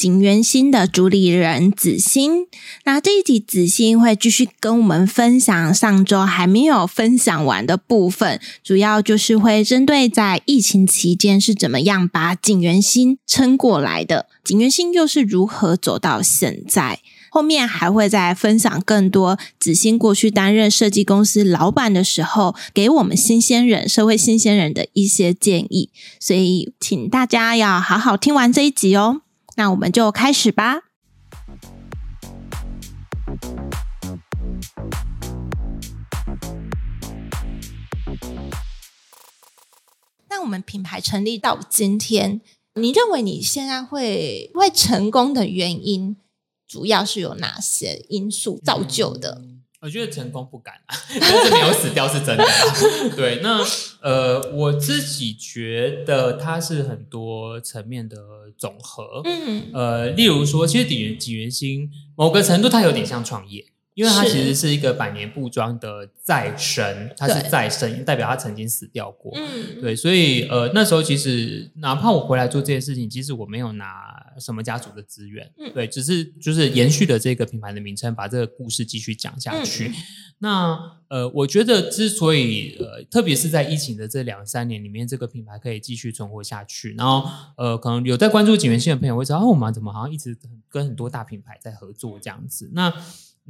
錦源興的主理人子興，那這一集子興會繼續跟我們分享上周還沒有分享完的部分，主要就是會針對在疫情期間是怎麼樣把錦源興撐過來的，錦源興又是如何走到現在。後面還會再分享更多子興過去擔任設計公司老闆的時候，給我們新鮮人、社會新鮮人的一些建議，所以請大家要好好聽完這一集哦。那我們就開始吧。那我們品牌成立到今天，你認為你現在會會成功的原因，主要是有哪些因素造就的？嗯，我覺得成功不敢啊，但是沒有死掉是真的啊。 對，那呃，我自己覺得它是很多層面的。總和，嗯，呃，例如說，其實錦源，錦源興某個程度，它有點像創業。因為它其實是一個百年布莊的再生，它是再生，代表它曾經死掉過。嗯、對，所以呃，那時候其實哪怕我回來做這件事情，其實我沒有拿什麼家族的資源，嗯、對，只是就是延續了這個品牌的名稱，把這個故事繼續講下去。嗯、那呃，我覺得之所以呃，特別是在疫情的這兩三年裡面，這個品牌可以繼續存活下去，然後呃，可能有在關注錦源興的朋友會知道，哦，我們怎麼好像一直跟很多大品牌在合作這樣子。那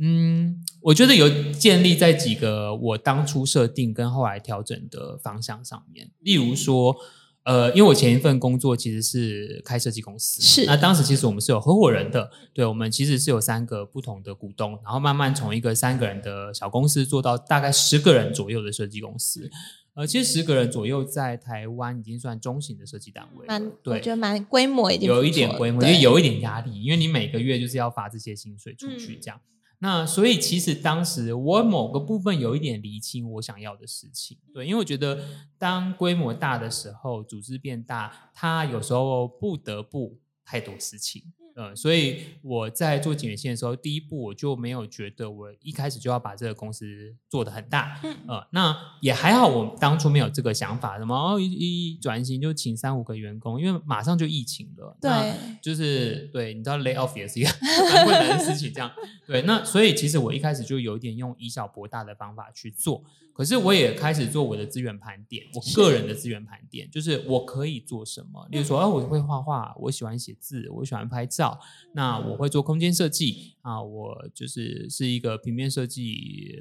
嗯，我覺得有建立在幾個我當初設定跟後來調整的方向上面，例如說，呃，因為我前一份工作其實是開設計公司，是，那當時其實我們是有合夥人的，對，我們其實是有三個不同的股東，然後慢慢從一個三個人的小公司做到大概十個人左右的設計公司，呃，其實十個人左右在台灣已經算中型的設計單位，蠻對，就蠻規模一點不錯，有一點規模，也有一點壓力，因為你每個月就是要發這些薪水出去，嗯，這樣。那所以其實當時我某個部分有一點釐清我想要的事情，對，因為我覺得當規模大的時候，組織變大，它有時候不得不太多事情。呃，所以我在做錦源興的時候，第一步我就沒有覺得我一開始就要把這個公司做得很大。嗯，呃，那也還好，我當初沒有這個想法，怎麼哦一轉型就請三五個員工，因為馬上就疫情了。對，那就是對，你知道 lay off 也是一個困難的事情，這樣 對。那所以其實我一開始就有點用以小博大的方法去做，可是我也開始做我的資源盤點，我個人的資源盤點，就是我可以做什麼，例如說，呃、我會畫畫，我喜歡寫字，我喜歡拍照。那我會做空間設計啊，我就是是一個平面設計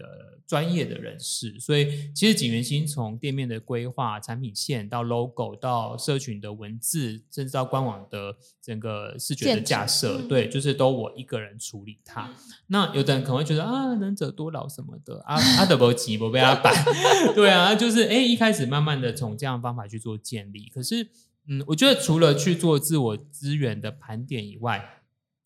專業的人士，所以其實錦源興從店面的規劃、產品線到 logo 到社群的文字，甚至到官網的整個視覺的架設、嗯，對，就是都我一個人處理它。嗯、那有的人可能會覺得、嗯、啊，能者多勞什麼的啊，阿德伯吉我被阿板， 對啊，就是哎、欸，一開始慢慢的從這樣方法去做建立，可是。嗯，我覺得除了去做自我資源的盤點以外，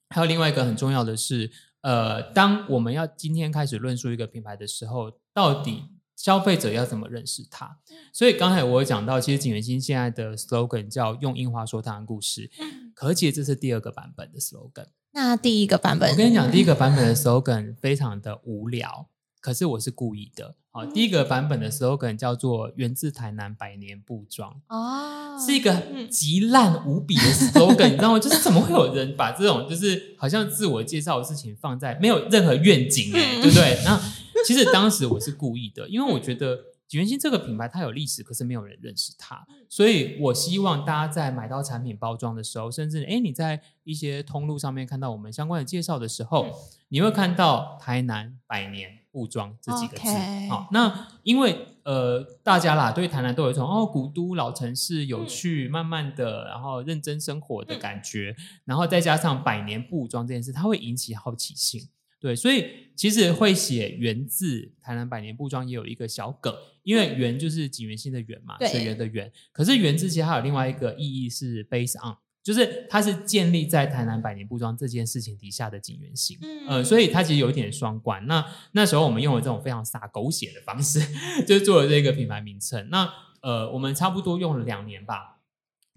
還有另外一個很重要的是，呃，當我們要今天開始論述一個品牌的時候，到底消費者要怎麼認識它？所以剛才我有講到，其實錦源興現在的 slogan 叫“用櫻花說它的故事”，可是這是第二個版本的 slogan。那第一個版本、嗯，我跟你講，第一個版本的 slogan 非常的無聊。可是我是故意的。好，哦，第一個版本的時候 slogan 叫做“源自台南百年布莊哦”，是一個極爛無比的 slogan，嗯、你知道嗎？就是怎麼會有人把這種就是好像自我介紹的事情放在沒有任何願景哎、欸嗯，對不對？那其實當時我是故意的，因為我覺得。源興這個品牌它有歷史，可是沒有人認識它，所以我希望大家在買到產品包裝的時候，甚至誒你在一些通路上面看到我們相關的介紹的時候，嗯、你會看到台南百年布莊這幾個字。好、okay. 哦，那因為呃大家啦對台南都有一種哦古都老城市有趣，嗯、慢慢的然後認真生活的感覺、嗯，然後再加上百年布莊這件事，它會引起好奇心。對，所以其實會寫源自台南百年布莊也有一個小梗。因為源就是錦源興的源嘛，對，水源的源。可是源之前還有另外一個意義是 base on，就是它是建立在台南百年布莊這件事情底下的錦源興。嗯、呃，所以它其實有一點雙關。那那時候我們用了這種非常撒狗血的方式，就是、做了這個品牌名稱。那呃，我們差不多用了兩年吧。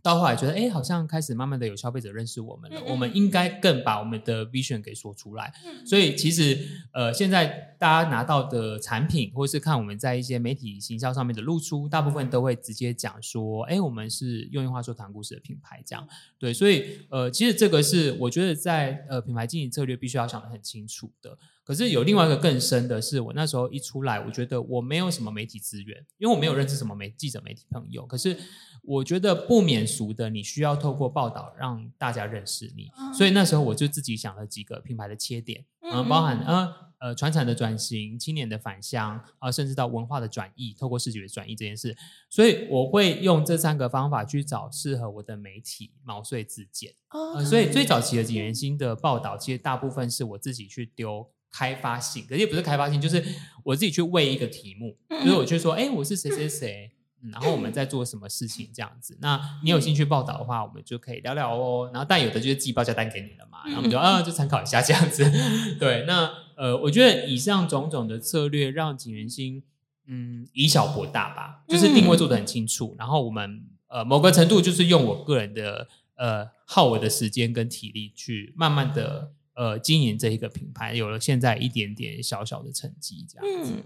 到後來覺得，哎、欸，好像開始慢慢的有消費者認識我們了。嗯嗯，我們應該更把我們的 vision 給說出來。所以其實，呃，現在大家拿到的產品，或是看我們在一些媒體行銷上面的露出，大部分都會直接講說，哎、欸，我們是用印花說台灣故事的品牌，這樣。對，所以，呃，其實這個是我覺得在呃品牌經營策略必須要想得很清楚的。可是有另外一個更深的是，我那時候一出來，我覺得我沒有什麼媒體資源，因為我沒有認識什麼媒記者、媒體朋友。可是我覺得不免俗的，你需要透過報道讓大家認識你。所以那時候我就自己想了幾個品牌的切點，包含啊呃傳產的轉型、青年的返鄉啊，甚至到文化的轉移，透過視覺的轉移這件事。所以我會用這三個方法去找適合我的媒體，毛遂自薦。所以最早期的錦源興的報道，其實大部分是我自己去丟，開發性，可是也不是開發性，就是我自己去為一個題目，就是我去說，哎、欸，我是誰誰誰，然後我們在做什麼事情這樣子。那你有興趣報道的話，我們就可以聊聊哦。然後但有的就是寄報價單給你了嘛，然後我們就啊、嗯、就參考一下這樣子。對，那呃，我覺得以上種種的策略讓錦源興，嗯，以小博大吧，就是定位做得很清楚、嗯。然後我們呃某個程度就是用我個人的呃耗我的時間跟體力去慢慢的。呃，經營這一個品牌，有了現在一點點小小的成績，這樣子。嗯，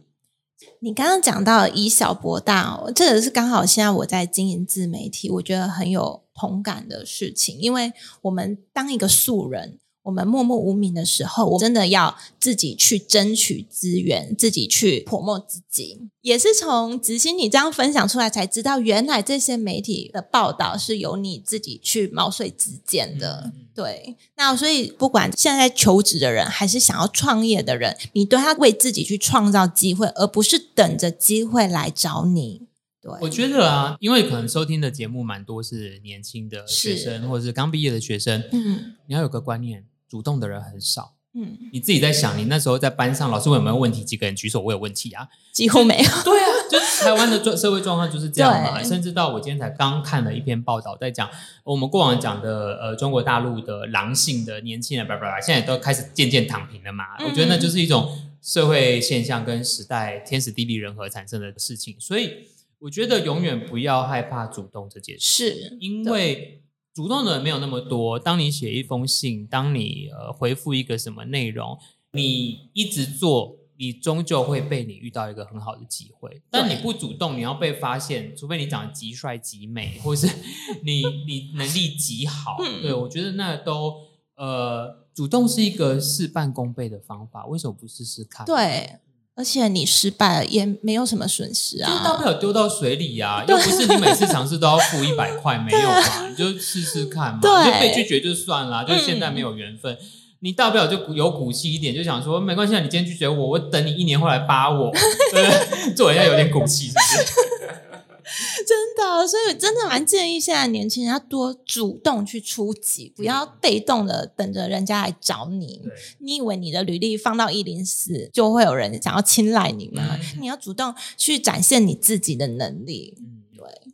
你剛剛講到以小博大哦，這個是剛好現在我在經營自媒體，我覺得很有同感的事情，因為我們當一個素人。我們默默無名的時候，我真的要自己去爭取資源，自己去 promote 自己。也是從子興你這樣分享出來才知道，原來這些媒體的報道是由你自己去毛遂自薦的。嗯嗯。對，那所以不管現在求職的人，還是想要創業的人，你都要為自己去創造機會，而不是等着機會來找你。對，我覺得啊，因為可能收聽的節目蠻多是年輕的學生，或者是剛畢業的學生。嗯，你要有個觀念。主動的人很少。嗯，你自己在想，你那時候在班上，老師問有沒有問題？幾個人舉手？我有問題啊，幾乎沒有。對啊，就是台灣的狀社會狀況就是這樣嘛、啊。 甚至到我今天才剛看了一篇報道，在講我們過往講的呃中國大陸的狼性的年輕人，叭叭叭，現在都開始漸漸躺平了嘛、嗯。我覺得那就是一種社會現象跟時代天時地利人和產生的事情。所以我覺得永遠不要害怕主動這件事，是因為。主動的人沒有那麼多。當你寫一封信，當你呃回復一個什麼內容，你一直做，你終究會被你遇到一個很好的機會。但你不主動，你要被發現，除非你長得極帥極美，或是你你能力極好。 對，我覺得那都呃，主動是一個事半功倍的方法。為什麼不試試看？對。而且你失敗了也沒有什麼損失啊，就大不了丟到水裡呀，啊，又不是你每次嘗試都要付一百塊，沒有吧？你就試試看嘛，你就被拒絕就算啦，就是現在沒有緣分，嗯，你大不了就有骨氣一點，就想說沒關係啊，你今天拒絕我，我等你一年後來扒我，對不對？ 做人要有點骨氣，是不是？ 真的，所以真的蠻建議現在年輕人要多主動去出擊，不要被動的等着人家來找你。你以為你的履歷放到104就會有人想要青睞你嗎？對對對。你要主動去展現你自己的能力。對。對，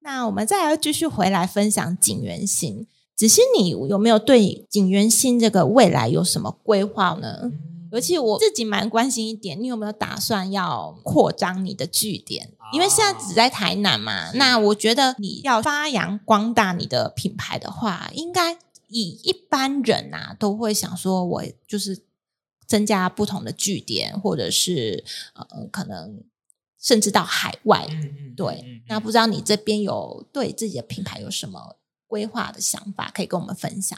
那我們再來繼續回來分享錦源興，只是你有沒有對錦源興這個未來有什麼規劃呢？尤其我自己蠻關心一點，你有沒有打算要擴張你的據點？因為現在只在台南嘛。Oh. 那我覺得你要發揚光大你的品牌的話，應該以一般人啊都會想說，我就是增加不同的據點，或者是呃，可能甚至到海外。對。那不知道你這邊有對自己的品牌有什麼規劃的想法，可以跟我們分享？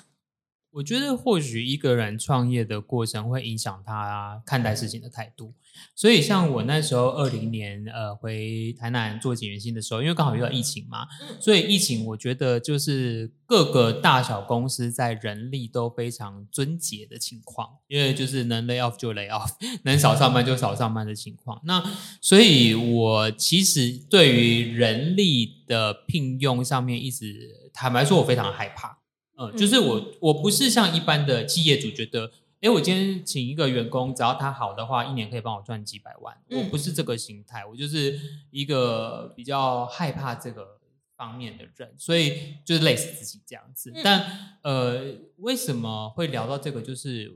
我覺得或許一個人創業的過程會影響他看待事情的態度，所以像我那時候二零年呃回台南做錦源興的時候，因為剛好遇到疫情嘛，所以疫情我覺得就是各個大小公司在人力都非常樽節的情況，因為就是能 lay off 就 lay off，能少上班就少上班的情況。那所以，我其實對於人力的聘用上面，一直坦白說，我非常害怕。嗯、呃，就是我我不是像一般的企業主，覺得，哎、欸，我今天請一個員工，只要他好的話，一年可以幫我賺幾百萬、嗯。我不是這個心態，我就是一個比較害怕這個方面的人，所以就是累死自己這樣子。嗯、但呃，為什麼會聊到這個？就是。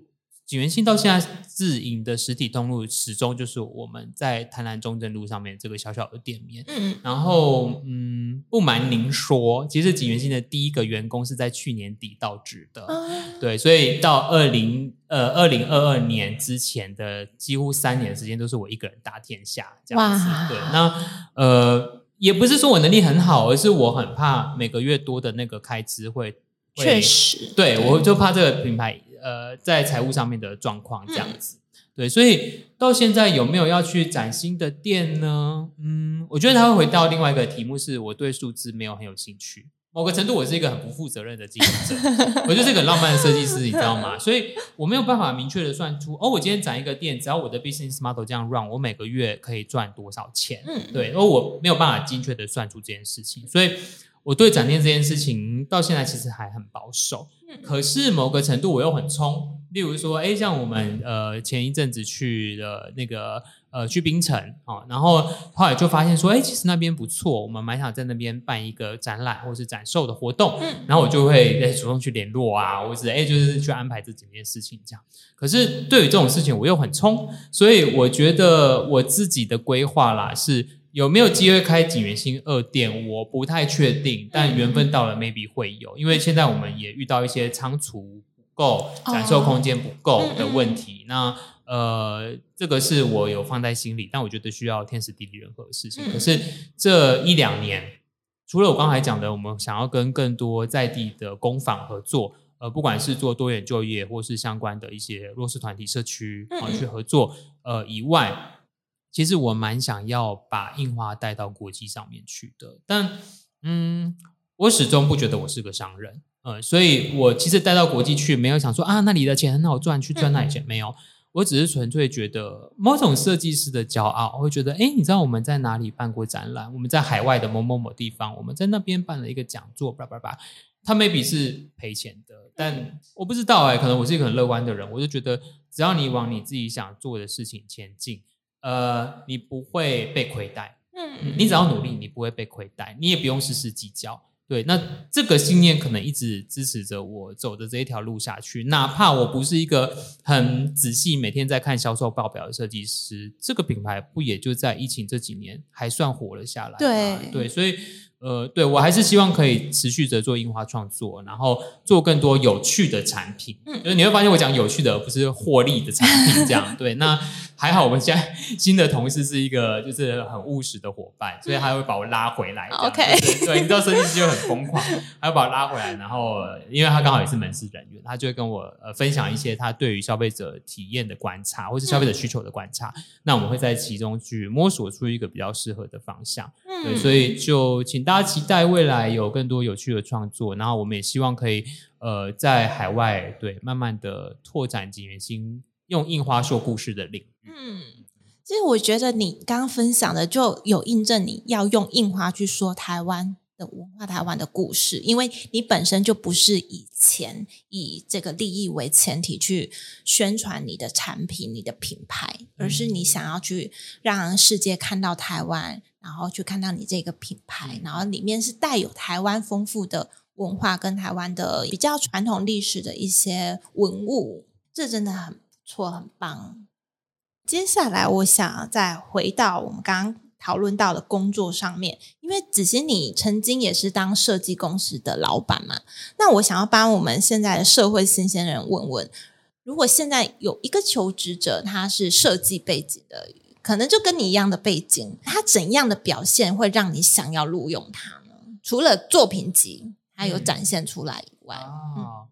錦源興到現在自營的實體通路，始終就是我們在台南中正路上面這個小小的店面。嗯，然後，嗯，不瞞您說，其實錦源興的第一個員工是在去年底到職的。嗯。對，所以到二零，呃，二零二二年之前的幾乎三年時間，都是我一個人打天下。這樣子。哇。對，那呃，也不是說我能力很好，而是我很怕每個月多的那個開支會。確實對對，對，我就怕這個品牌，呃，在財務上面的狀況這樣子。嗯，對，所以到現在有沒有要去展新的店呢？嗯，我覺得他會回到另外一個題目，是我對數字沒有很有興趣，某個程度我是一個很不負責任的經營者， 我就是一個很浪漫的設計師，你知道嗎？所以我沒有辦法明確的算出，哦，我今天展一個店，只要我的 business model 這樣 run，我每個月可以賺多少錢？嗯，對，而、哦、我沒有辦法精確的算出這件事情，所以。我對展店這件事情到現在其實還很保守，可是某個程度我又很衝。例如說，哎、欸，像我們呃前一陣子去的那個呃去檳城、啊、然後後來就發現說，哎、欸，其實那邊不錯，我們蠻想在那邊辦一個展覽或是展售的活動，然後我就會、欸、主動去聯絡啊，或者誒就是去安排這幾件事情這樣。可是對於這種事情我又很衝，所以我覺得我自己的規劃啦是。有沒有機會開錦源興二店？我不太確定，但緣分到了，maybe 會有、嗯。因為現在我們也遇到一些倉儲不夠、感、oh. 受空間不夠的問題。嗯嗯那呃，這個是我有放在心裡，但我覺得需要天時地利人和的事情、嗯。可是這一兩年，除了我剛才講的，我們想要跟更多在地的工坊合作，呃，不管是做多元就業或是相關的一些弱勢團體、社區啊去合作，嗯嗯呃以外。其實我蠻想要把印花帶到國際上面去的，但嗯，我始終不覺得我是個商人，呃，所以我其實帶到國際去沒有想說啊，那裡的錢很好賺，去賺那裡錢、嗯、沒有，我只是純粹覺得某種設計師的驕傲，我會覺得，誒，你知道我們在哪裡辦過展覽？我們在海外的某某某地方，我們在那邊辦了一個講座，bla bla bla，它 maybe 是賠錢的，但我不知道哎、欸，可能我是一個很樂觀的人，我就覺得只要你往你自己想做的事情前進。呃，你不會被虧待、嗯嗯，你只要努力，你不會被虧待，你也不用事事計較。對，那這個信念可能一直支持着我走的這一條路下去，哪怕我不是一個很仔細每天在看銷售報表的設計師，這個品牌不也就在疫情這幾年還算活了下來？對對，所以。呃，對，我還是希望可以持續着做印花創作，然後做更多有趣的產品。嗯，就是你會發現我講有趣的，不是獲利的產品，這樣 對。那還好，我們現在新的同事是一個就是很務實的夥伴，所以他會把我拉回來、嗯。OK，對，對，你知道生意就很瘋狂，還要把我拉回來。然後，因為他剛好也是門市人員，他就會跟我呃分享一些他對於消費者體驗的觀察，或是消費者需求的觀察。嗯、那我們會在其中去摸索出一個比較適合的方向。對，所以就請大家期待未來有更多有趣的創作。嗯、然後我們也希望可以，呃，在海外對慢慢的拓展錦源興用印花說故事的領域。嗯，其實我覺得你剛剛分享的就有印證，你要用印花去說台灣的文化、台灣的故事，因為你本身就不是以前以這個利益為前提去宣傳你的產品、你的品牌、嗯，而是你想要去讓世界看到台灣。然後去看到你這個品牌，然後裡面是帶有台灣豐富的文化跟台灣的比較傳統歷史的一些文物，這真的很不錯，很棒。接下來，我想再回到我們剛剛討論到的工作上面，因為子興，你曾經也是當設計公司的老板嘛？那我想要幫我們現在的社會新鮮人問問，如果現在有一個求職者，他是設計背景的。可能就跟你一樣的背景，他怎樣的表現會讓你想要錄用他呢？除了作品集，還有展現出來以外，哦、嗯啊嗯，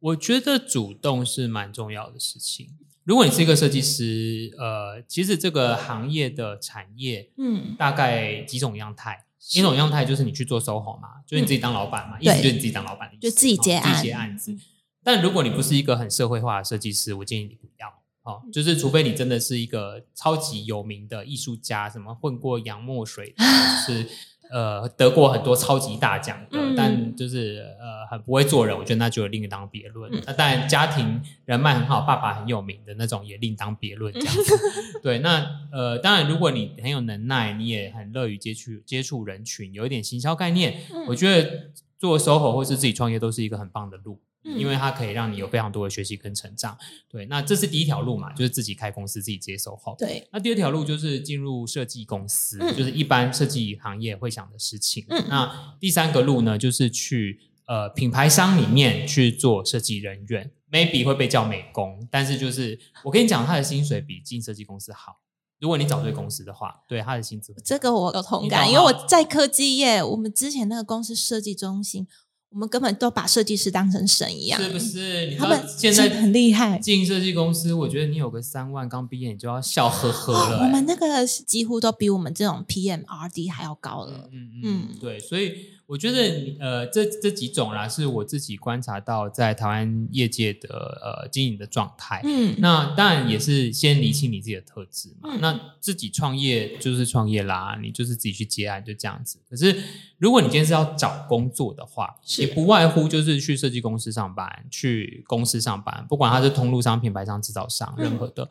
我覺得主動是蠻重要的事情。如果你是一個設計師、嗯，呃，其實這個行業的產業，嗯，大概幾種樣態，一種樣態就是你去做 SOHO 嘛，就你自己當老闆嘛，一、嗯、直就是你自己當老闆，就自己接案，哦、自己接案子、嗯。但如果你不是一個很社會化的設計師，我建議你不要。哦，就是除非你真的是一個超級有名的藝術家，什麼混過洋墨水， 是呃得過很多超級大獎的、嗯，但就是呃很不會做人，我覺得那就有另當別論。那、嗯啊、當然家庭人脈很好，爸爸很有名的那種也另當別論這樣子、嗯。對，那呃當然如果你很有能耐，你也很樂於接觸接觸人群，有一點行銷概念、嗯，我覺得做 SOHO 或是自己創業都是一個很棒的路。因為它可以讓你有非常多的學習跟成長，對，那這是第一條路嘛，就是自己開公司自己接手後，對。那第二條路就是進入設計公司，嗯、就是一般設計行業會想的事情。嗯、那第三個路呢，就是去呃品牌商裡面去做設計人員，maybe 會被叫美工，但是就是我跟你講，他的薪水比進設計公司好，如果你找對公司的話，嗯、對他的薪資。這個我有同感，因為我在科技業，我們之前那個公司設計中心。我們根本都把設計師當成神一樣，是不是？他們現在很厲害。進設計公司，我覺得你有個三萬剛畢業，你就要笑呵呵了，欸哦。我們那個幾乎都比我們這種 PMRD 還要高了。嗯嗯，嗯，對，所以。我覺得呃，這這幾種啦，是我自己觀察到在台灣業界的呃經營的狀態。嗯，那當然也是先理清你自己的特質嘛、嗯。那自己創業就是創業啦，你就是自己去接案就這樣子。可是如果你今天是要找工作的話，也不外乎就是去設計公司上班，去公司上班，不管他是通路商、品牌商、製造商，任何的，嗯、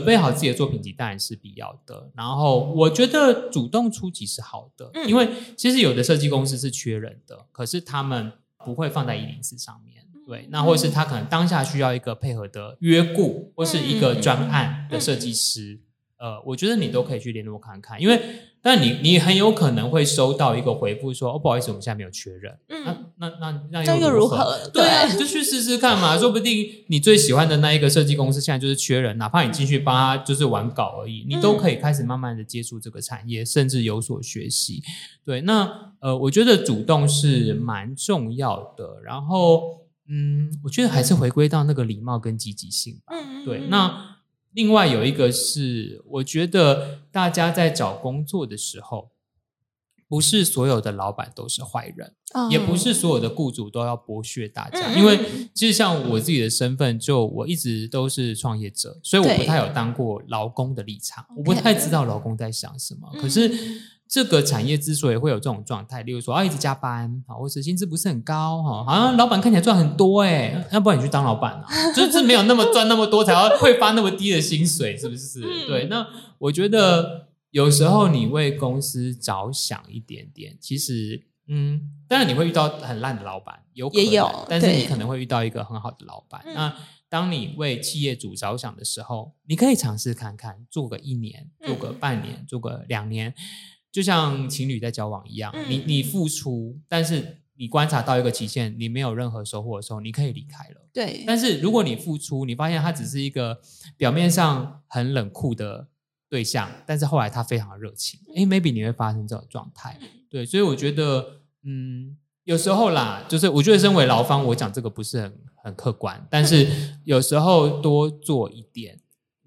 準備好自己的作品集當然是必要的。然後我覺得主動出擊是好的、嗯，因為其實有的設計公司是缺人的，可是他們不會放在一零四上面。對，那或者是他可能當下需要一個配合的約顧，或是一個專案的設計師。呃，我覺得你都可以去聯絡看看，因為。但你你很有可能會收到一個回復說，哦不好意思，我們現在沒有缺人，嗯啊、那那那那又如何？這個、如何對，就去試試看嘛，說不定你最喜歡的那一個設計公司現在就是缺人。啊，哪怕你進去幫他就是玩稿而已，你都可以開始慢慢的接觸這個產業、嗯，甚至有所學習。對，那呃，我覺得主動是蠻重要的，然後嗯，我覺得還是回歸到那個禮貌跟積極性吧。嗯，嗯，對，那。另外有一個是，我覺得大家在找工作的時候，不是所有的老闆都是壞人，Oh. 也不是所有的雇主都要剝削大家。Mm -hmm. 因為其實像我自己的身份，就我一直都是創業者，所以我不太有當過勞工的立場，我不太知道勞工在想什麼。Okay. 可是。Mm -hmm. 這個產業之所以會有這種狀態，例如說啊，一直加班，或是薪資不是很高哈，好像老闆看起來賺很多哎、欸，要不然你去當老闆啊， 就是沒有那麼賺那麼多，才會發那麼低的薪水，是不是、嗯？對，那我覺得有時候你為公司着想一點點，其實，嗯，當然你會遇到很爛的老闆，有可能也有對，但是你可能會遇到一個很好的老闆、嗯。那當你為企業主着想的時候，你可以嘗試看看，做個一年，做個半年，做個兩年。就像情侶在交往一樣，嗯、你你付出，但是你觀察到一個期限，你沒有任何收穫的時候，你可以離開了。對，但是如果你付出，你發現他只是一個表面上很冷酷的對象，但是後來他非常的熱情，誒、欸、maybe 你會發生這種狀態、嗯。對，所以我覺得，嗯，有時候啦，就是我覺得身為勞方，我講這個不是很很客觀，但是有時候多做一點，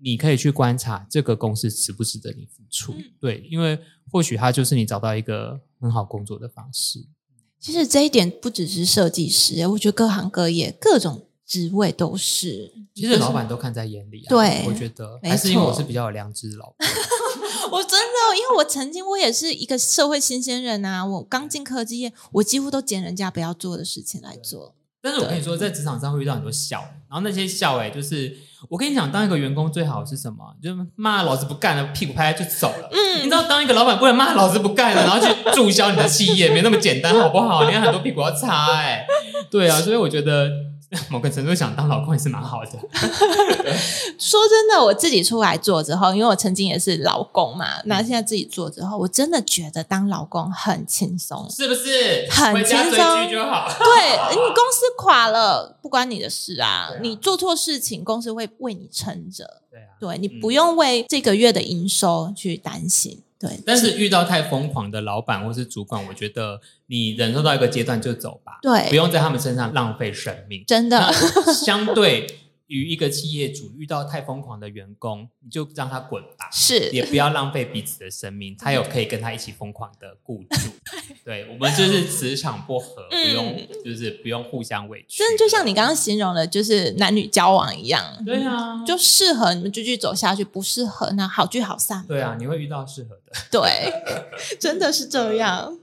你可以去觀察這個公司值不值得你付出。嗯、對，因為。或許他就是你找到一個很好工作的方式。其實這一點不只是設計師，我覺得各行各業、各種職位都是。其實老板都看在眼裡啊。對，我覺得還是因為我是比較有良知老闆， 我真的，因為我曾經我也是一個社會新鮮人啊，我剛進科技業，我幾乎都撿人家不要做的事情來做。但是我跟你說，在職場上會遇到很多笑，然後那些笑，哎，就是我跟你講，當一個員工最好是什麼？就是罵老子不幹了，屁股拍拍就走了。嗯，你知道，當一個老板不能罵老子不幹了，然後去註銷你的企業，沒那麼簡單，好不好？你看很多屁股要擦，哎，對啊，所以我覺得。某個程度想當勞工也是蠻好的。 說真的，我自己出來做之後，因為我曾經也是勞工嘛、嗯，那現在自己做之後，我真的覺得當勞工很輕鬆，是不是？很輕鬆回家就好。 對，你公司垮了不關你的事啊，啊你做錯事情，公司會為你撐着。對、啊、對你不用為這個月的營收去擔心。但是遇到太瘋狂的老闆或是主管，我覺得你忍受到一個階段就走吧，對，不用在他們身上浪費生命，真的，相對。 與一個企業主遇到太瘋狂的員工，你就讓他滾吧，是，也不要浪費彼此的生命。他有可以跟他一起瘋狂的雇主， 對，我們就是磁場不合、嗯，不用，就是不用互相委屈。真的就像你剛剛形容的，就是男女交往一樣，對啊，就適合你們繼續走下去，不適合那好聚好散。對啊，你會遇到適合的，對，真的是這樣。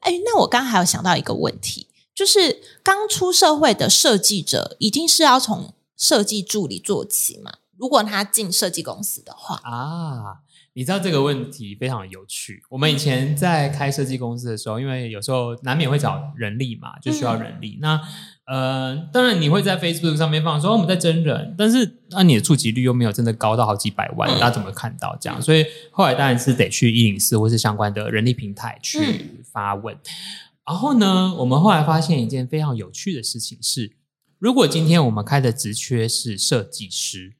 哎、 欸，那我剛還有想到一個問題，就是剛出社會的設計者，一定是要從設計助理做起嘛？如果他進設計公司的話啊，你知道這個問題非常有趣。嗯、我們以前在開設計公司的時候、嗯，因為有時候難免會找人力嘛，就需要人力。嗯、那呃，當然你會在 Facebook 上面放說、嗯、我們在徵人，但是那、啊、你的觸及率又沒有真的高到好幾百萬，嗯、大家怎麼看到這樣、嗯？所以後來當然是得去104或是相關的人力平台去發問、嗯。然後呢，我們後來發現一件非常有趣的事情是。如果今天我們開的職缺是設計師，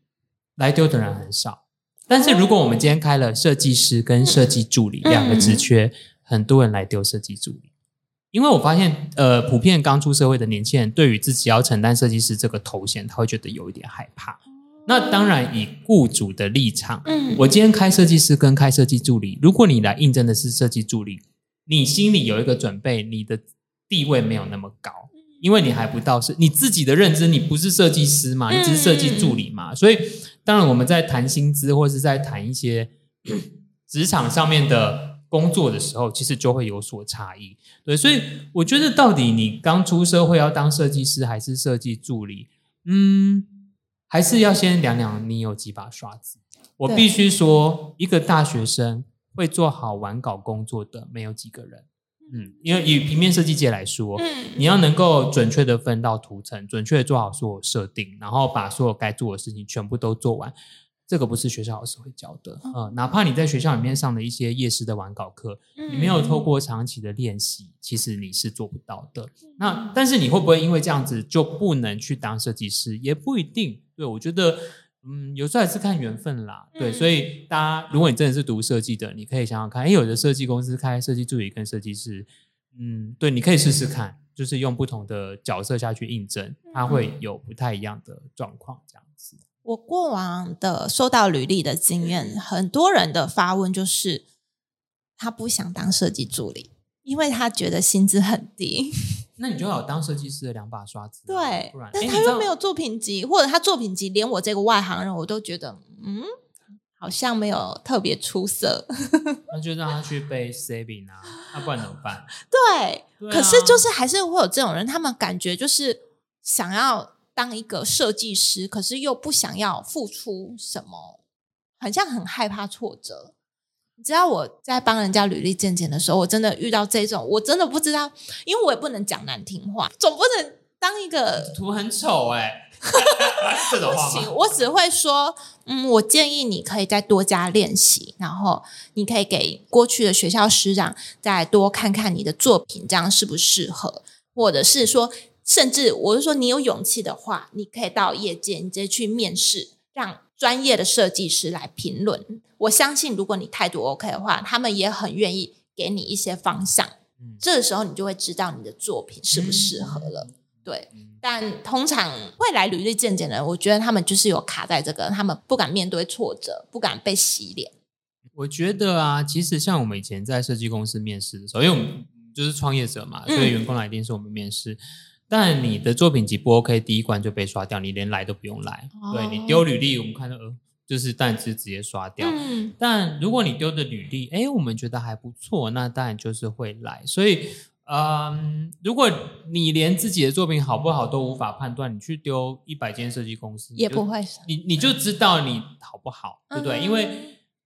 來丟的人很少。但是如果我們今天開了設計師跟設計助理兩個職缺，很多人來丟設計助理，因為我發現，呃，普遍剛出社會的年輕人對於自己要承擔設計師這個頭銜，他會覺得有一點害怕。那當然，以雇主的立場，嗯，我今天開設計師跟開設計助理，如果你來應徵的是設計助理，你心裡有一個準備，你的地位沒有那麼高。因為你還不到，是你自己的認知，你不是設計師嘛，你只是設計助理嘛，嗯嗯嗯，所以當然我們在談薪資，或是在談一些、嗯、職場上面的工作的時候，其實就會有所差異。對，所以我覺得到底你剛出社會要當設計師還是設計助理，嗯，還是要先量量你有幾把刷子。我必須說，一個大學生會做好完稿工作的沒有幾個人。嗯，因為以平面設計界來說，嗯、你要能夠準確地分到圖層，準確地做好所有設定，然後把所有該做的事情全部都做完，這個不是學校老師會教的，啊、哦呃，哪怕你在學校裡面上的一些夜市的完稿課，嗯，你沒有透過長期的練習，其實你是做不到的。那但是你會不會因為這樣子就不能去當設計師？也不一定。對，我覺得。嗯，有時候也是看緣分啦，對，嗯、所以大家如果你真的是讀設計的，你可以想想看，哎、欸，有的設計公司開設計助理跟設計師，嗯，對，你可以試試看、嗯，就是用不同的角色下去應徵，他會有不太一樣的狀況這樣子、嗯。我過往的收到履歷的經驗，很多人的發問就是，他不想當設計助理。因為他覺得薪資很低， 那你就好有當設計師的兩把刷子，對。不然但他又沒有作品集，欸，或者他作品集連我這個外行人我都覺得，嗯，好像沒有特別出色。 那就讓他去背 saving 啊，那不然怎麼辦？對，對啊。可是就是還是會有這種人，他們感覺就是想要當一個設計師，可是又不想要付出什麼，好像很害怕挫折。你知道我在幫人家履歷健檢的時候，我真的遇到這種，我真的不知道，因為我也不能講難聽話，總不能當一個圖很醜哎、欸，這種話， 我只會說，嗯，我建議你可以再多加練習，然後你可以給過去的學校師長再多看看你的作品，這樣適不適合，或者是說，甚至我是說，你有勇氣的話，你可以到業界你直接去面試，讓。專業的設計師來評論，我相信如果你態度 OK 的話，他們也很願意給你一些方向。嗯、這時候你就會知道你的作品適不適合了。嗯、對，但通常會來履歷健檢的，我覺得他們就是有卡在這個，他們不敢面對挫折，不敢被洗臉。我覺得啊，其實像我們以前在設計公司面試的時候，嗯、因為我們就是創業者嘛，嗯、所以員工來一定是我們面試。但你的作品集不 OK，、嗯、第一關就被刷掉，你連來都不用來。哦、對你丟履歷，我們看到呃，就是但是直接刷掉。嗯。但如果你丟的履歷，哎、欸，我們覺得還不錯，那當然就是會來。所以，嗯、呃，如果你連自己的作品好不好都無法判斷、嗯，你去丟一百間設計公司也不會少。你你就知道你好不好，嗯、對不對？嗯、因為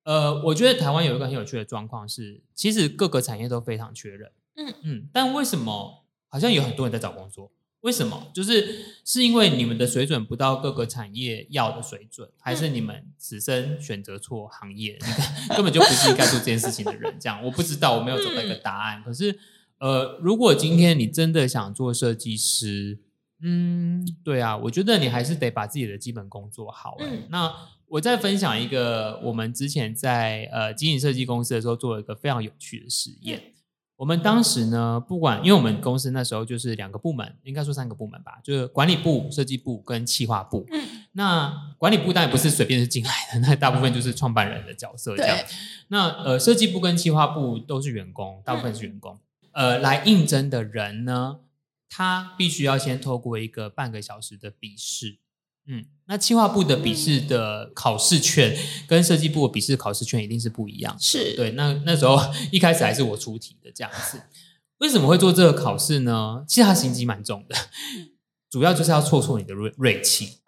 呃，我覺得台灣有一個很有趣的狀況是，其實各個產業都非常缺人。嗯嗯。但為什麼？好像有很多人在找工作，為什麼？就是是因為你們的水準不到各個產業要的水準，還是你們此生選擇錯行業？你、嗯、根本就不是應該做這件事情的人。這樣，我不知道，我沒有找到一個答案、嗯。可是，呃，如果今天你真的想做設計師，嗯，對啊，我覺得你還是得把自己的基本功做好、欸嗯。那我再分享一個，我們之前在呃經營設計公司的時候，做了一個非常有趣的實驗。嗯我們當時呢，不管，因為我們公司那時候就是兩個部門，應該說三個部門吧，就是管理部、設計部跟企劃部。嗯、那管理部當然不是隨便是進來的，那大部分就是創辦人的角色這樣。嗯、那呃，設計部跟企劃部都是員工，大部分是員工、嗯。呃，來應徵的人呢，他必須要先透過一個半個小時的筆試。嗯，那企劃部的筆試的考試卷跟設計部的筆試考試卷一定是不一樣，是對。那那時候一開始還是我出題的這樣子。為什麼會做這個考試呢？其實他心機蠻重的，主要就是要挫挫你的銳銳氣，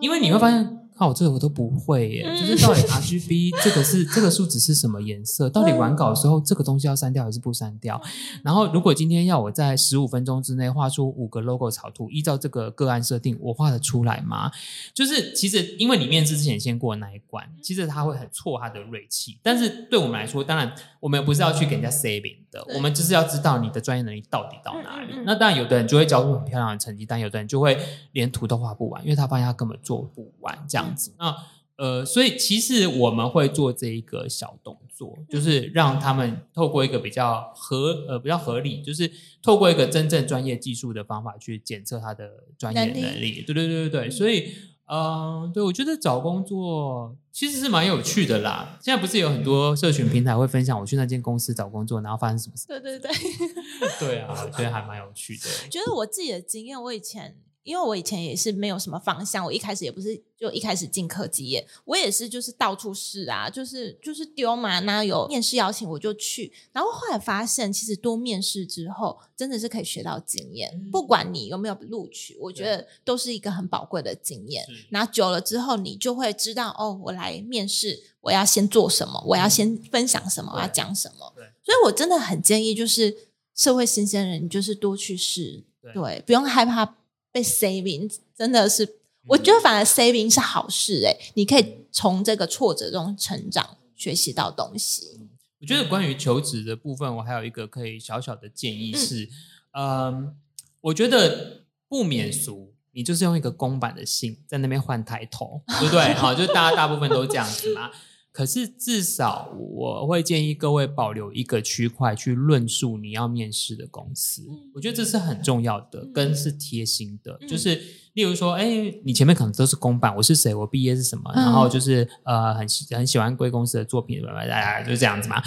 因為你會發現。看、哦、我這個我都不會耶，就是到底 RGB 這個是 這個數值是什麼顏色？到底完稿的時候這個東西要刪掉還是不刪掉？然後如果今天要我在十五分鐘之內畫出五個 logo 草圖，依照這個個案設定，我畫得出來嗎？就是其實因為你面試之前先過那一關，其實他會很挫他的銳氣，但是對我們來說，當然我們也不是要去給人家 saving。我們就是要知道你的專業能力到底到哪裡。嗯嗯、那當然，有的人就會交出很漂亮的成績，但有的人就會連圖都畫不完，因為他發現他根本做不完這樣子。嗯、那呃，所以其實我們會做這一個小動作，嗯、就是讓他們透過一個比較合呃比較合理，就是透過一個真正專業技術的方法去檢測他的專業能力，能力。對對對對對，所以。嗯嗯，對，我覺得找工作其實是蠻有趣的啦。現在不是有很多社群平台會分享我去那間公司找工作，然後發生什麼事？對對對， 對啊，我覺得還蠻有趣的。我 覺得我自己的經驗，我以前。因為我以前也是沒有什麼方向，我一開始也不是就一開始進科技業，我也是就是到處試啊，就是就是丟嘛、啊。那有面試邀請我就去，然後後來發現，其實多面試之後，真的是可以學到經驗、嗯，不管你有沒有錄取，我覺得都是一個很寶貴的經驗。然後久了之後，你就會知道哦，我來面試，我要先做什麼，嗯、我要先分享什麼，我要講什麼。所以，我真的很建議，就是社會新鮮人，你就是多去試，對，對，不用害怕。被 saving 真的是，我覺得反而 saving 是好事哎、欸，你可以從這個挫折中成長，學習到東西。我覺得關於求職的部分，我還有一個可以小小的建議是，嗯，嗯我覺得不免俗，你就是用一個公版的信在那邊換抬頭，對不對？ 好，就大家大部分都這樣子嘛。可是至少我會建議各位保留一個區塊去論述你要面試的公司，嗯、我覺得這是很重要的，嗯、跟是貼心的、嗯。就是例如說，誒、欸、你前面可能都是公辦，我是誰，我畢業是什麼，嗯、然後就是呃，很很喜歡貴公司的作品，怎麼樣，就這樣子嘛。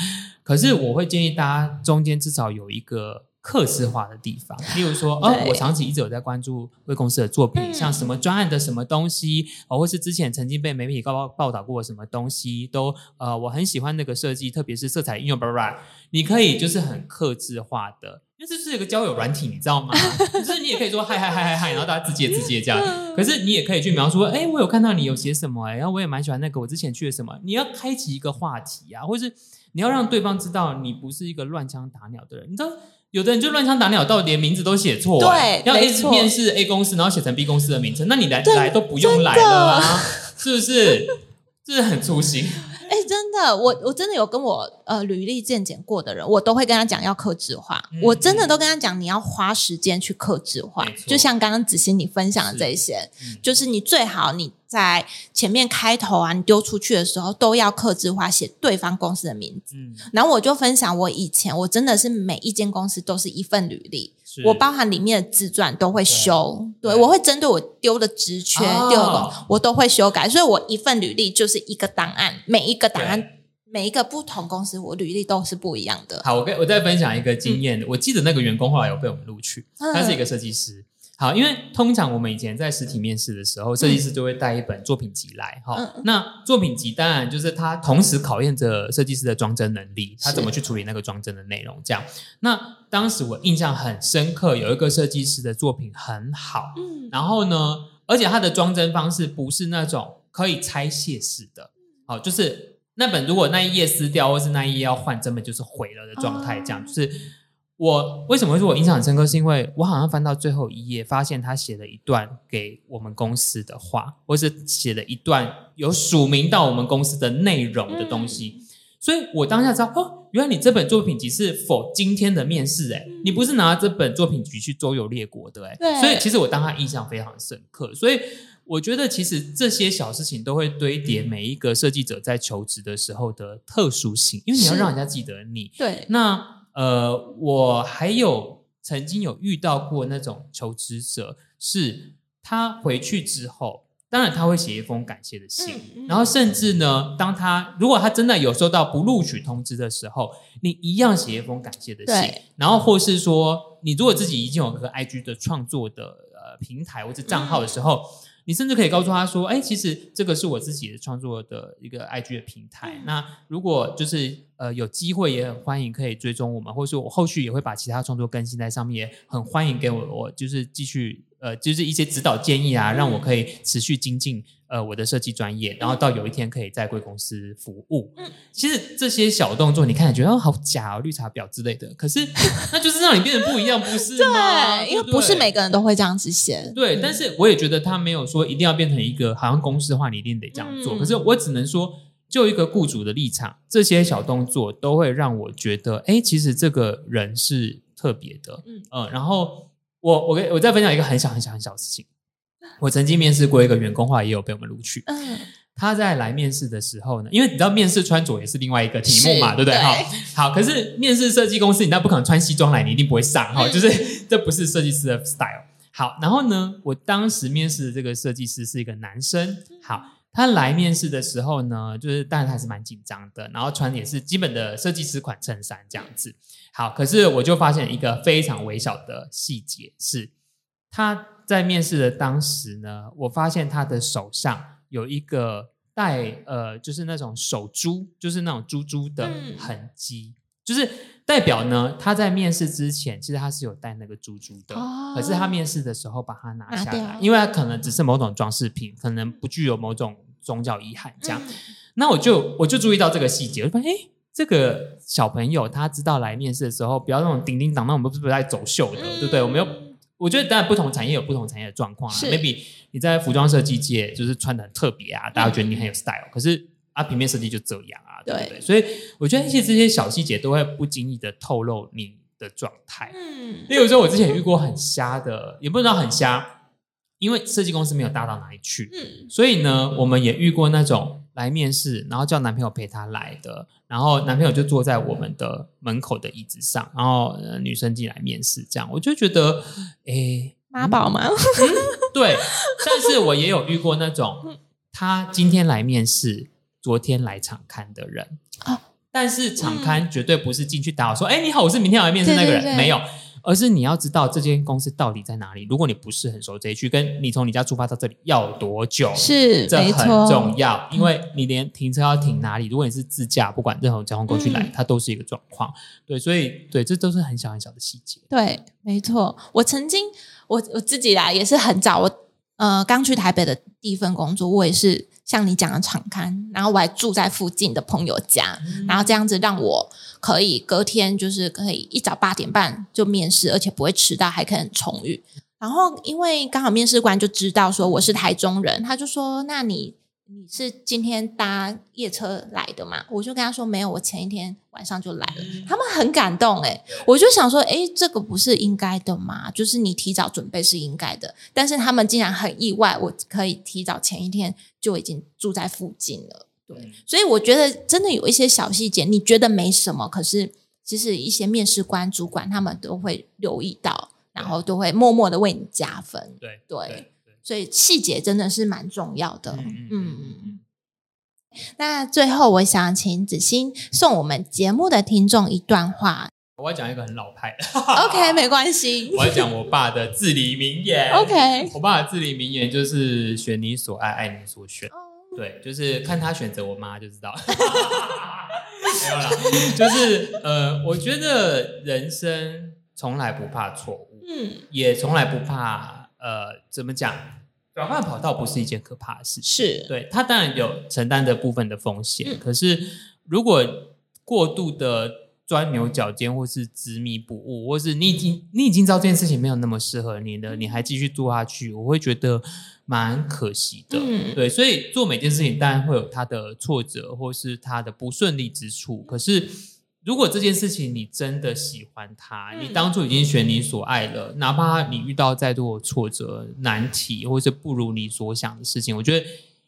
可是我會建議大家中間至少有一個。客製化的地方，例如說，哦，我長期一直有在關注貴公司的作品，嗯、像什麼專案的什麼東西、哦，或是之前曾經被媒體報報道過什麼東西，都呃，我很喜歡那個設計，特別是色彩運用，叭叭，你可以就是很客製化的，因為這是一個交友軟體，你知道嗎？可 是你也可以說嗨嗨嗨嗨嗨，然後大家直接 直接這樣，可是你也可以去描述說，哎、欸，我有看到你有寫什麼、欸，哎，然後我也蠻喜歡那個，我之前去了什麼，你要開啟一個話題啊，或是你要讓對方知道你不是一個亂槍打鳥的人，你知道？有的人就亂槍打鳥，到底連名字都寫錯、欸，對，要一直面試 A 公司，然後寫成 B 公司的名稱，那你來來都不用來了、啊，是不是？ 就是很粗心。哎、欸，真的，我我真的有跟我呃履歷健檢過的人，我都會跟他講要客製化、嗯，我真的都跟他講，你要花時間去客製化，就像剛剛子興你分享的這一些，是嗯、就是你最好你在前面開頭啊，你丟出去的時候都要客製化寫對方公司的名字。嗯、然後我就分享，我以前我真的是每一間公司都是一份履歷，我包含裡面的自傳都會修。對，對對我會針對我丟的職缺第二個，我都會修改。所以，我一份履歷就是一個檔案，每一個檔案每一個不同公司，我履歷都是不一樣的。好，我我再分享一個經驗、嗯，我記得那個員工後來有被我們錄取、嗯，他是一個設計師。好，因為通常我們以前在實體面試的時候，設計師就會帶一本作品集來。好、嗯哦，那作品集當然就是他同時考驗着設計師的裝幀能力，他怎麼去處理那個裝幀的內容。這樣，那當時我印象很深刻，有一個設計師的作品很好，嗯，然後呢，而且他的裝幀方式不是那種可以拆卸式的，好、哦，就是那本如果那一頁撕掉，或是那一頁要換，這本就是毀了的狀態，哦、這樣就是。我為什麼會說我印象深刻？是因為我好像翻到最後一頁，發現他寫了一段給我們公司的話，或是寫了一段有署名到我們公司的內容的東西。嗯、所以，我當下知道哦，原來你這本作品集是 for 今天的面試。誒，你不是拿這本作品集去周遊列國的、欸。對，所以其實我當下印象非常深刻。所以，我覺得其實這些小事情都會堆疊每一個設計者在求職的時候的特殊性，因為你要讓人家記得你。對，那。呃，我還有曾經有遇到過那種求職者，是他回去之後，當然他會寫一封感謝的信，嗯、然後甚至呢，當他如果他真的有收到不錄取通知的時候，你一樣寫一封感謝的信，然後或是說，你如果自己已經有一個 IG 的創作的呃平台或者賬號的時候。嗯你甚至可以告訴他說：“哎、欸，其實這個是我自己的創作的一個 IG 的平台。那如果就是呃有機會，也很歡迎可以追蹤我們，或者說我後續也會把其他創作更新在上面，也很歡迎給我，我就是繼續。”呃，就是一些指導建議啊，讓我可以持續精進呃我的設計專業，然後到有一天可以在貴公司服務、嗯。其實這些小動作，你看着覺得好假哦，綠茶婊之類的，可是、嗯、呵呵那就是讓你變得不一樣，不是嗎？對，因為不是每個人都會這樣子寫。對、嗯，但是我也覺得他沒有說一定要變成一個好像公司的話，你一定得這樣做、嗯。可是我只能說，就一個雇主的立場，這些小動作都會讓我覺得，哎、欸，其實這個人是特別的。嗯嗯、呃，然後。我我給我再分享一個很小很小很小的事情，我曾經面試過一個員工後來也有被我們錄取，他在來面試的時候呢，因為你知道面試穿着也是另外一個題目嘛，對不對哈？好，可是面試設計公司，你倒不可能穿西裝來，你一定不會上哈，就是這不是設計師的 style。好，然後呢，我當時面試的這個設計師是一個男生，好。他來面試的時候呢，就是但還是蠻緊張的，然後穿也是基本的設計師款襯衫這樣子。好，可是我就發現一個非常微小的細節是，他在面試的當時呢，我發現他的手上有一個帶呃，就是那種手珠，就是那種珠珠的痕跡、嗯，就是代表呢他在面試之前其實他是有戴那個珠珠的，哦，可是他面試的時候把它拿下來、啊對哦，因為他可能只是某種裝飾品，可能不具有某種。宗教遺憾這樣，嗯、那我就我就注意到這個細節，我就說誒、欸、這個小朋友他知道來面試的時候，不要那種叮叮噹噹我們不是在走秀的，嗯，對不對？我沒有，我覺得當然不同產業有不同產業的狀況啊是。Maybe 你在服裝設計界就是穿的很特別啊，大家覺得你很有 style，、嗯、可是啊平面設計就這樣啊對，對不對？所以我覺得一些這些小細節都會不經意的透露你的狀態。嗯，例如說，我之前遇過很瞎的，嗯、也不能說很瞎。因為設計公司沒有大到哪裡去，嗯，所以呢，我們也遇過那種來面試，然後叫男朋友陪她來的，然後男朋友就坐在我們的門口的椅子上，然後女生進來面試，這樣我就覺得，哎，媽寶嗎？ 對。但是我也有遇過那種，他今天來面試，昨天來場勘的人，啊，但是場勘絕對不是進去打我說，哎、嗯欸，你好，我是明天要來面試那個人，對對對沒有。而是你要知道這間公司到底在哪裡。如果你不是很熟這一區，跟你從你家出發到這裡要多久？是，這很重要，因為你連停車要停哪裡。如果你是自駕，不管任何交通工具來，嗯、它都是一個狀況。對，所以對，這都是很小很小的細節。對，沒錯。我曾經，我我自己來，也是很早，我呃剛去台北的第一份工作，我也是像你講的，場勘，然後我還住在附近的朋友家，嗯、然後這樣子讓我，可以隔天就是可以一早八點半就面試，而且不會遲到，還可以很充裕。然後因為剛好面試官就知道說我是台中人，他就說：“那你你是今天搭夜車來的嘛？”我就跟他說：“沒有，我前一天晚上就來了。”他們很感動誒、欸，我就想說：“誒，這個不是應該的嗎？就是你提早準備是應該的，但是他們竟然很意外，我可以提早前一天就已經住在附近了。”對，所以我覺得真的有一些小細節，你覺得沒什麼，可是其實一些面試官、主管他們都會留意到，然後都會默默的為你加分。對對，對，對，所以細節真的是蠻重要的。嗯嗯嗯，那最後，我想請子興送我們節目的聽眾一段話。我要講一個很老派的。 OK，沒關係。我要講我爸的至理名言。OK，我爸的至理名言就是“選你所愛，愛你所選”。對，就是看他選擇，我媽就知道。 沒有啦，就是呃，我覺得人生從來不怕錯誤，嗯，也從來不怕呃，怎麼講，轉換跑道，不是一件可怕的事，是。對，他當然有承擔的部分的風險，嗯，可是如果過度的。鑽牛角尖，或是執迷不悟，或是你已經你已經知道這件事情沒有那麼適合你了，你還繼續做下去，我會覺得蠻可惜的，嗯。對，所以做每件事情當然會有它的挫折，或是它的不順利之處。可是如果這件事情你真的喜歡它，嗯，你當初已經選你所愛了，哪怕你遇到再多挫折、難題，或是不如你所想的事情，我覺得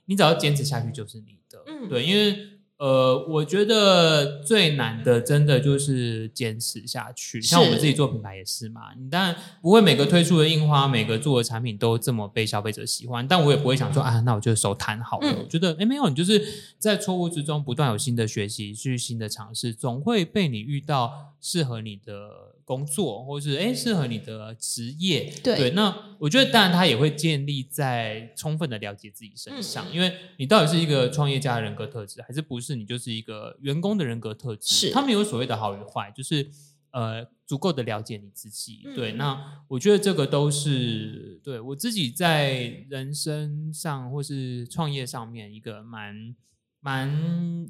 你只要堅持下去就是你的。嗯，對，因為。呃，我覺得最難的，真的就是堅持下去。像我們自己做品牌也是嘛，你當然不會每個推出的印花，每個做的產品都這麼被消費者喜歡。但我也不會想說、嗯、啊，那我就收攤好了。嗯、我覺得哎，沒有，你就是在錯誤之中不斷有新的學習，去新的嘗試，總會被你遇到適合你的工作，或是哎，適合你的職業，對。對，那我覺得，當然他也會建立在充分的了解自己身上，嗯，因為你到底是一個創業家的人格特質，還是不是你就是一個員工的人格特質？他沒有所謂的好與壞，就是呃，足夠的了解你自己。嗯，對，那我覺得這個都是對我自己在人生上或是創業上面一個蠻蠻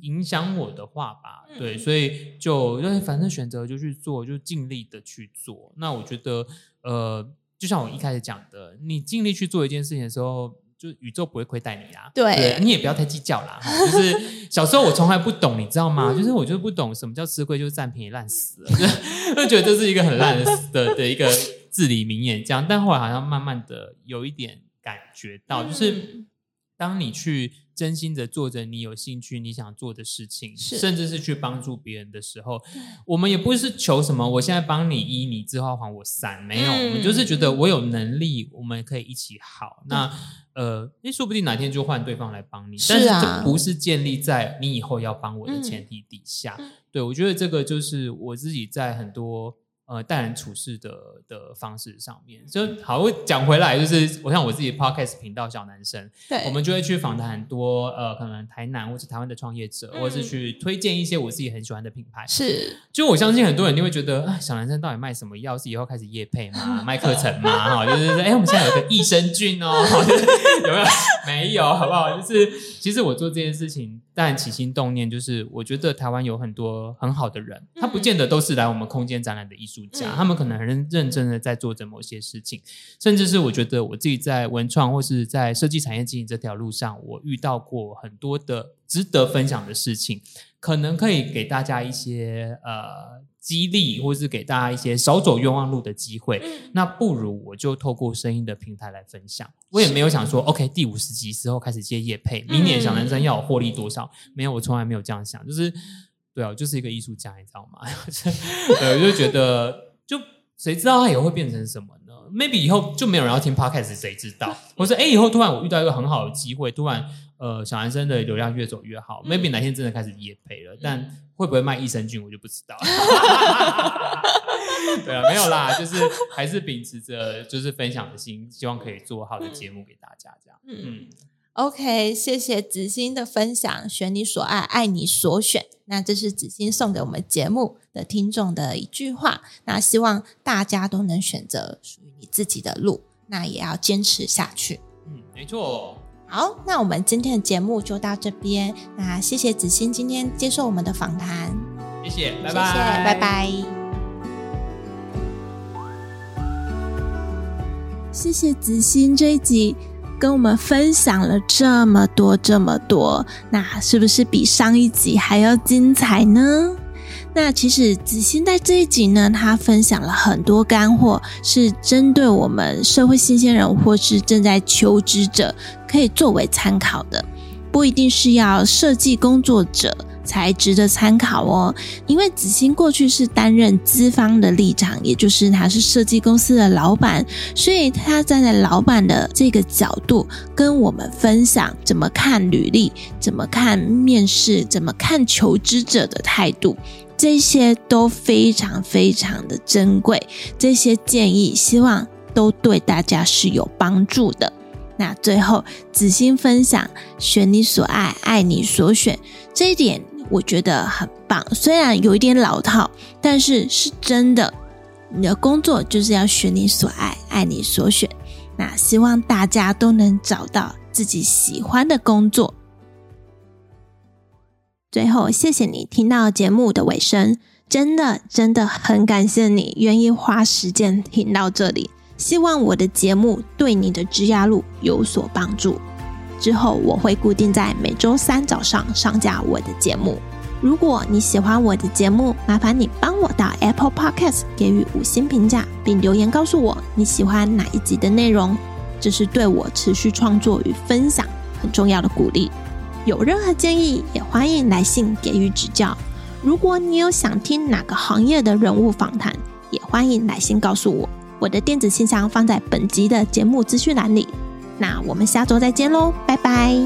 影響我的話吧，對，所以就反正選擇就去做，就盡力的去做。那我覺得，呃，就像我一開始講的，你盡力去做一件事情的時候，就宇宙不會虧待你啊。對，你也不要太計較啦。就是小時候我從來不懂， 你知道嗎？就是我就不懂什麼叫吃虧就是占便宜爛死了 就，就覺得這是一個很爛的的一個至理名言。這樣，但後來好像慢慢的有一點感覺到，就是當你去。真心的做着你有興趣、你想做的事情，甚至是去幫助別人的時候，我們也不是求什麼。我現在幫你一，你之後還我三，沒有、嗯，我們就是覺得我有能力，我們可以一起好。那、嗯、呃，說不定哪天就換對方來幫你、啊，但是這不是建立在你以後要幫我的前提底下。嗯、對我覺得這個就是我自己在很多。呃，待人處事的的方式上面，就好。我講回來，就是我像我自己 podcast 頻道小男生，對，我們就會去訪談很多呃，可能台南或是台灣的創業者、嗯，或是去推薦一些我自己很喜歡的品牌。是，就我相信很多人就會覺得，啊、小男生到底賣什麼藥？是以後開始業配嘛，賣課程嘛，哈， 就是說，哎、欸，我們現在有一個益生菌哦， 有沒有？沒有，好不好？就是其實我做這件事情，但起心動念就是，我覺得台灣有很多很好的人、嗯，他不見得都是來我們空間展覽的藝術。他們可能很認，認真的在做着某些事情，甚至是我覺得我自己在文創或是在設計產業經營這條路上，我遇到過很多的值得分享的事情，可能可以給大家一些呃激勵，或是給大家一些少走冤枉路的機會。那不如我就透過聲音的平台來分享。我也沒有想說，OK，第五十集之後開始接業配，明年小男生要我獲利多少？沒有，我從來沒有這樣想，就是。對、啊，我就是一個藝術家，你知道嗎？我、 呃、就覺得，就誰知道他以後會變成什麼呢？Maybe 以後就沒有人要聽 Podcast，誰知道？ 我說哎，以後突然我遇到一個很好的機會，突然呃，小男生的流量越走越好。嗯、Maybe 哪天真的開始業配了、嗯，但會不會賣益生菌，我就不知道。 對啊，沒有啦，就是還是秉持着就是分享的心，希望可以做好的節目給大家。嗯、這樣，嗯。嗯 OK，謝謝子興的分享，選你所愛，愛你所選。那這是子興送給我們節目的聽眾的一句話。那希望大家都能選擇屬於你自己的路，那也要堅持下去。嗯，沒錯、哦。好，那我們今天的節目就到這邊。那謝謝子興今天接受我們的訪談，謝謝，拜拜，謝謝拜拜，謝謝子興這一集。跟我們分享了這麼多這麼多，那是不是比上一集還要精彩呢？那其實子興在這一集呢，他分享了很多乾貨，是針對我們社會新鮮人或是正在求職者可以作為參考的，不一定是要設計工作者。才值得參考哦，因為子興過去是擔任資方的立場，也就是他是設計公司的老闆，所以他站在老闆的這個角度跟我們分享怎麼看履歷、怎麼看面試、怎麼看求職者的態度，這些都非常非常的珍貴。這些建議希望都對大家是有幫助的。那最後，子興分享：選你所愛，愛你所選。這一點。我覺得很棒，雖然有一點老套，但是是真的。你的工作就是要選你所愛，愛你所選。那希望大家都能找到自己喜歡的工作。最後，謝謝你聽到節目的尾聲，真的真的很感謝你願意花時間聽到這裡。希望我的節目對你的職涯路有所幫助。之後我會固定在每周三早上上架我的節目。如果你喜歡我的節目，麻煩你幫我到 Apple Podcast 給予五星評價，並留言告訴我你喜歡哪一集的內容。這是對我持續創作與分享很重要的鼓勵。有任何建議，也歡迎來信給予指教。如果你有想聽哪個行業的人物訪談，也歡迎來信告訴我。我的電子信箱放在本集的節目資訊欄裡。那我們下週再見嘍，拜拜。